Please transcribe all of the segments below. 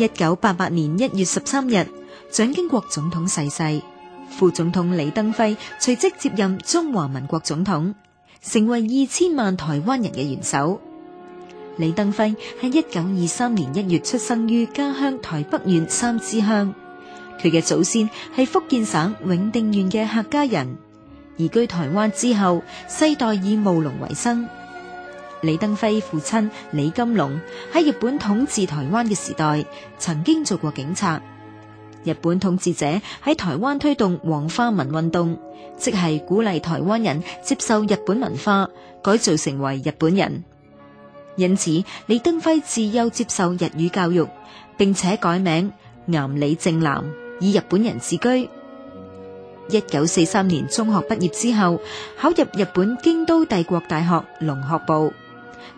一九八八年一月十三日，蔣經國總統逝世，副總統李登輝隨即接任中華民國總統，成為二千萬台灣人嘅元首。李登輝喺一九二三年一月出生於家鄉台北縣三芝鄉，佢嘅祖先係福建省永定縣嘅客家人，移居台灣之後，世代以務農為生。李登輝父親李金龍喺日本統治台灣嘅時代，曾經做過警察。日本統治者喺台灣推動皇民化運動，即係鼓勵台灣人接受日本文化，改造成為日本人。因此，李登輝自幼接受日語教育，並且改名岩里政男，以日本人自居。一九四三年中學畢業之後，考入日本京都帝國大學農學部。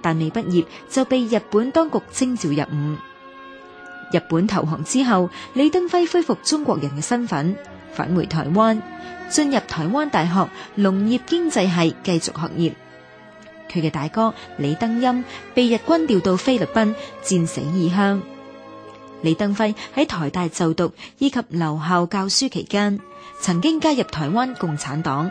但未畢業就被日本當局徵召入伍。日本投降之後，李登輝恢復中國人嘅身份，返回台灣，進入台灣大學農業經濟系繼續學業。佢嘅大哥李登鑫被日軍調到菲律賓，戰死異鄉。李登輝喺台大就讀以及留校教書期間，曾經加入台灣共產黨。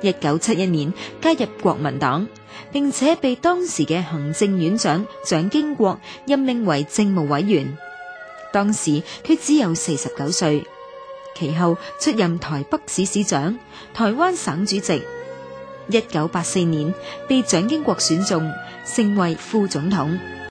一九七一年加入國民黨，並且被當時嘅行政院長蔣經國任命為政務委員。當時佢只有四十九歲，其後出任台北市市長、台灣省主席。一九八四年被蔣經國選中，成為副總統。